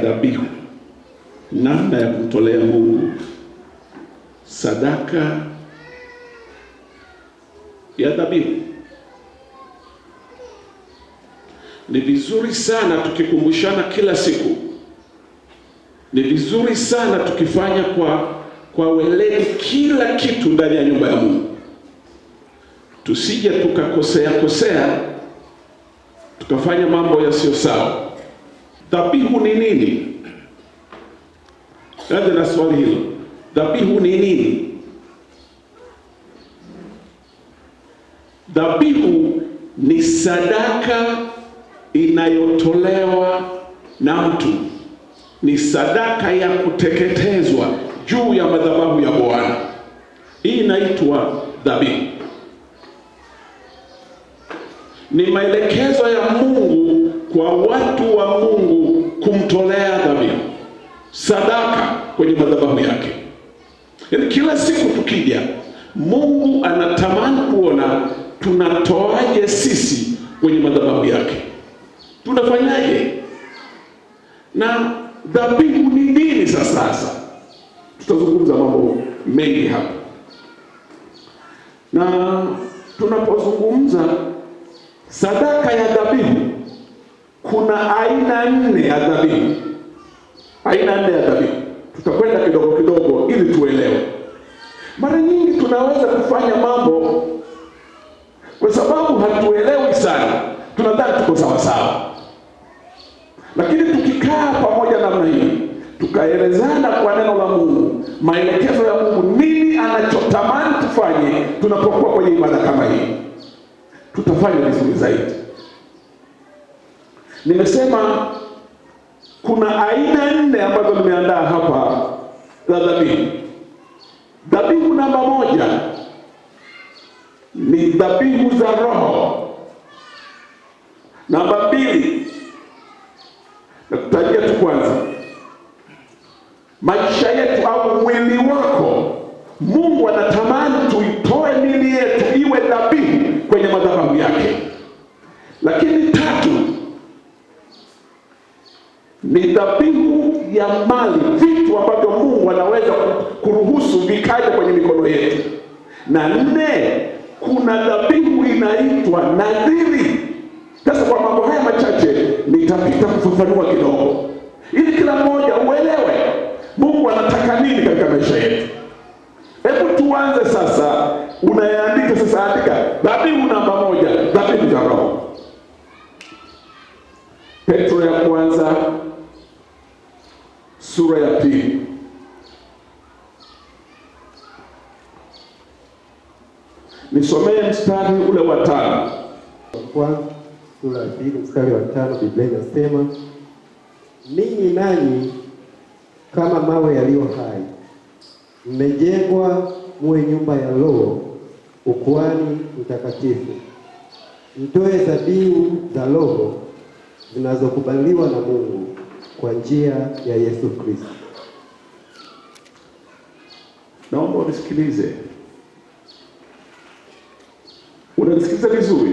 dhabihu, namna ya kumtolea Mungu sadaka ya dhabihu. Ni vizuri sana tukikumbushana kila siku, ni vizuri sana tukifanya kwa kwa weledi kila kitu ndani ya nyumba ya Mungu, tusije tukakosea kosea tukafanya mambo yasiyo sawa. Dhabihu ni nini? Aje na swali hilo, dhabihu ni nini? Dhabihu ni sadaka inayotolewa na mtu, ni sadaka ya kuteketezwa juu ya madhabahu ya Bwana. Hii inaitwa dhabihu, ni maelekezo ya Mungu kwa watu wa Mungu kumtolea dhabihu sadaka kwenye madhabahu yake. Yaani kila siku tukija, Mungu anatamani kuona tunatoaje sisi kwenye madhabahu yake, tunafanyaje na dhabihu ni nini? Sasa sasa tutazungumza mambo mengi hapa, na tunapozungumza sadaka ya dhabihu kuna aina nne ya dhabihu, aina nne ya dhabihu. Tutakwenda kidogo kidogo ili tuelewe. Mara nyingi tunaweza kufanya mambo kwa sababu hatuelewi sana, tunadhani tuko sawasawa, lakini tukikaa pamoja namna hii tukaelezana kwa neno la Mungu, maelekezo ya Mungu, nini anachotamani tufanye tunapokuwa kwenye ibada kama hii, tutafanya vizuri zaidi. Nimesema kuna aina nne ambazo nimeandaa hapa za dhabihu. Dhabihu namba moja ni dhabihu za roho na nne, kuna dhabihu inaitwa nadhiri. Sasa kwa mambo haya machache nitapita kufafanua kidogo, ili kila mmoja uelewe Mungu anataka nini katika maisha yetu. Hebu tuanze sasa, unayeandika sasa, andika dhabihu namba moja, dhabihu za Roho. Petro ya kwanza sura ya pili Nisomee mstari ule wa tano kwanza sura ya pili mstari wa tano Biblia inasema ninyi nanyi kama mawe yaliyo hai mmejengwa muwe nyumba ya roho ukuani mtakatifu mtoe dhabihu za roho zinazokubaliwa na Mungu kwa njia ya Yesu Kristo. Naomba unisikilize. Unanisikiliza vizuri?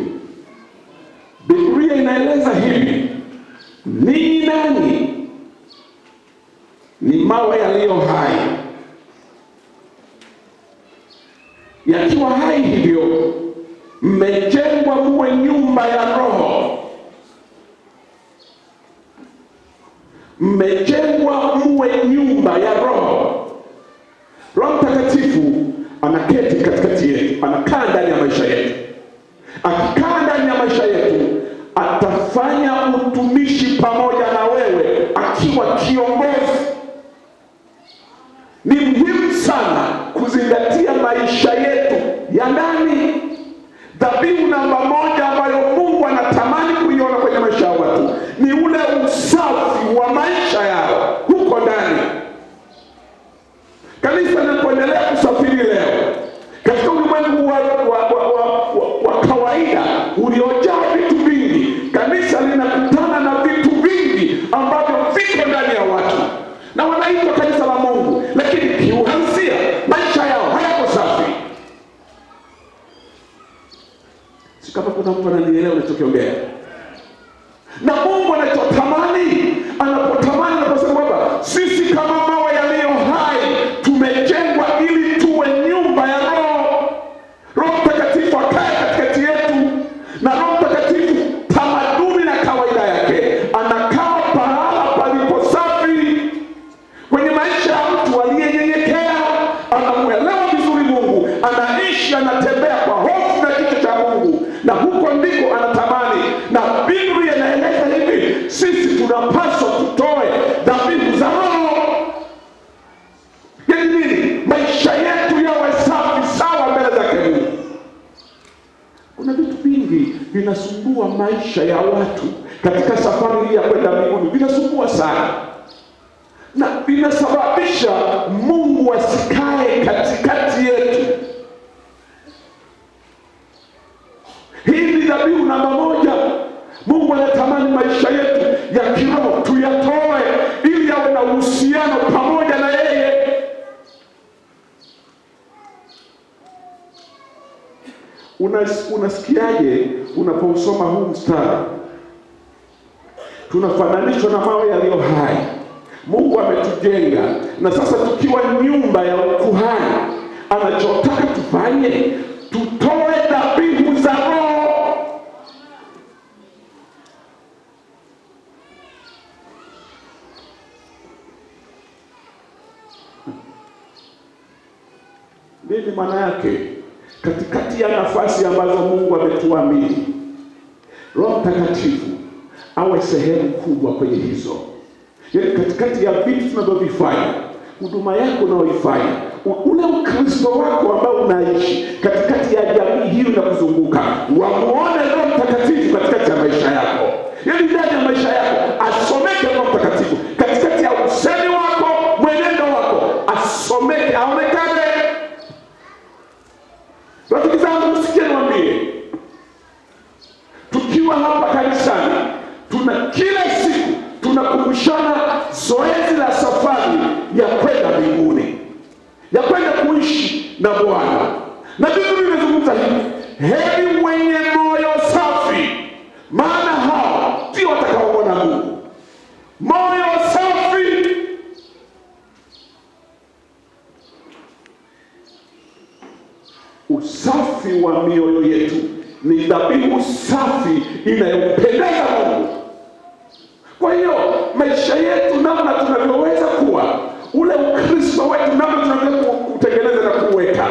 Biblia inaeleza hivi, ninyi nani? Ni mawe yaliyo hai, yakiwa hai hivyo mmejengwa kuwe nyumba ya roho, mmejengwa muwe nyumba ya roho. Roho Mtakatifu anaketi katikati yetu, anakaa ndani ya maisha yetu. atafanya utumishi pamoja na wewe akiwa kiongozi. Ni muhimu sana kuzingatia maisha yetu ya ndani. Dhabihu namba moja utampa na nielewa unachokiongea. tunapaswa tutoe dhabihu za roho. Yaani nini? Maisha yetu yawe safi sawa mbele zake Mungu. Kuna vitu vingi vinasumbua maisha ya watu katika safari hii ya kwenda mbinguni, vinasumbua sana na vinasababisha Mungu asiki unasikiaje unapousoma huu mstari? Tunafananishwa na mawe yaliyo hai. Mungu ametujenga na sasa tukiwa nyumba ya ukuhani, anachotaka tufanye tutoe dhabihu za Roho. Nini maana yake? katikati ya nafasi ambazo Mungu ametuamini, Roho Mtakatifu awe sehemu kubwa kwenye hizo, yaani katikati ya vitu tunavyovifanya, huduma yako unaoifanya ule Ukristo wako ambao unaishi katikati ya jamii hiyo kuzunguka wamuone Roho Mtakatifu katikati ya maisha yako. kama hapa kanisani tuna kila siku tunakumbushana zoezi la safari ya kwenda mbinguni, ya kwenda kuishi na Bwana, na Biblia imezungumza hivi, heri wenye moyo safi, maana hao ndio watakaoona Mungu. Moyo safi usafi wa mioyo yetu ni dhabihu safi inayompendeza Mungu. Kwa hiyo maisha yetu, namna tunavyoweza kuwa ule Ukristo wetu, namna tunavyoweza kutengeneza na kuweka,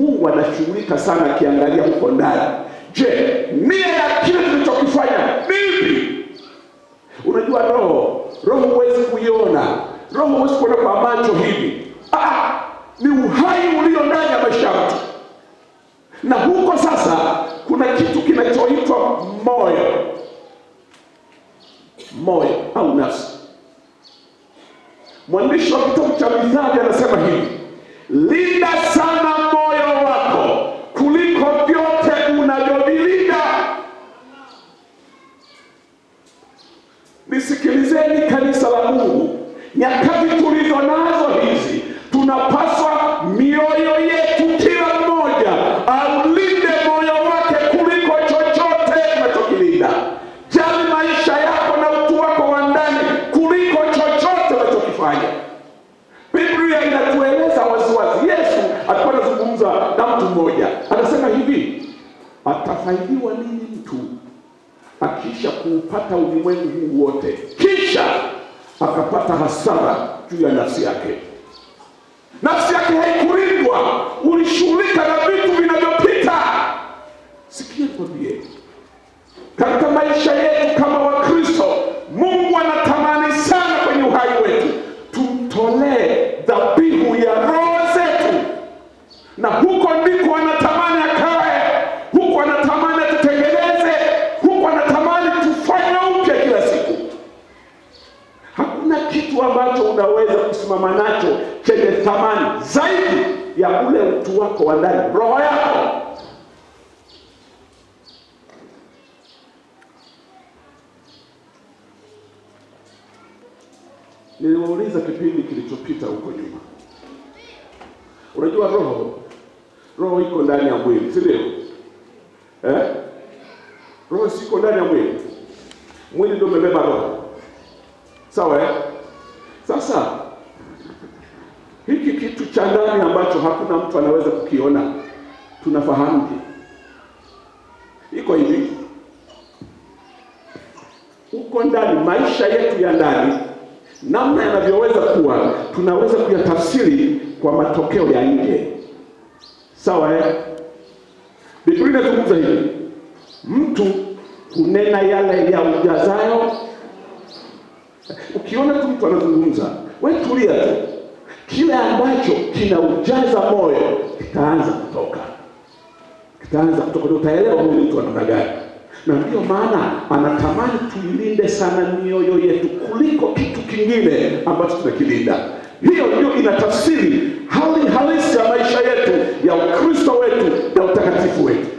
Mungu anashughulika sana akiangalia huko ndani. Je, nia ya kile tulichokifanya vipi? Unajua roho roho huwezi kuiona, roho huwezi kuona kwa macho hivi. Ah, ah ni uhai ulio ndani ya maisha yetu, na huko sasa kuna kitu kinachoitwa moyo, moyo au nafsi. Mwandishi wa kitabu cha Mithali anasema hivi, linda sana mmoja anasema hivi, atafaidiwa nini mtu akiisha kuupata ulimwengu huu wote kisha akapata hasara juu ya nafsi yake? Nafsi yake haikurindwa, ulishughulika na vitu vinavyopita. Sikia katika maisha yetu kama nacho chenye thamani zaidi ya ule utu wako wa ndani, roho yako. Niliwauliza kipindi kilichopita huko nyuma, unajua roho roho iko ndani ya mwili, si ndio? Eh, roho siko ndani ya mwili, mwili ndio umebeba roho, sawa eh? Sasa cha ndani ambacho hakuna mtu anaweza kukiona. Tunafahamu iko hivi uko ndani, maisha yetu ya ndani, namna yanavyoweza kuwa, tunaweza kuyatafsiri kwa matokeo ya nje. Sawa, eh? Biblia inazungumza hivi, mtu kunena yale ya ujazayo. Ukiona tu mtu anazungumza, wewe tulia tu kile ambacho kinaujaza moyo kitaanza kutoka, kitaanza kutoka, utaelewa huyu mtu namna gani. Na ndiyo maana anatamani tuilinde sana mioyo yetu kuliko kitu kingine ambacho tunakilinda. Hiyo ndio inatafsiri hali halisi ya maisha yetu ya Ukristo wetu na utakatifu wetu.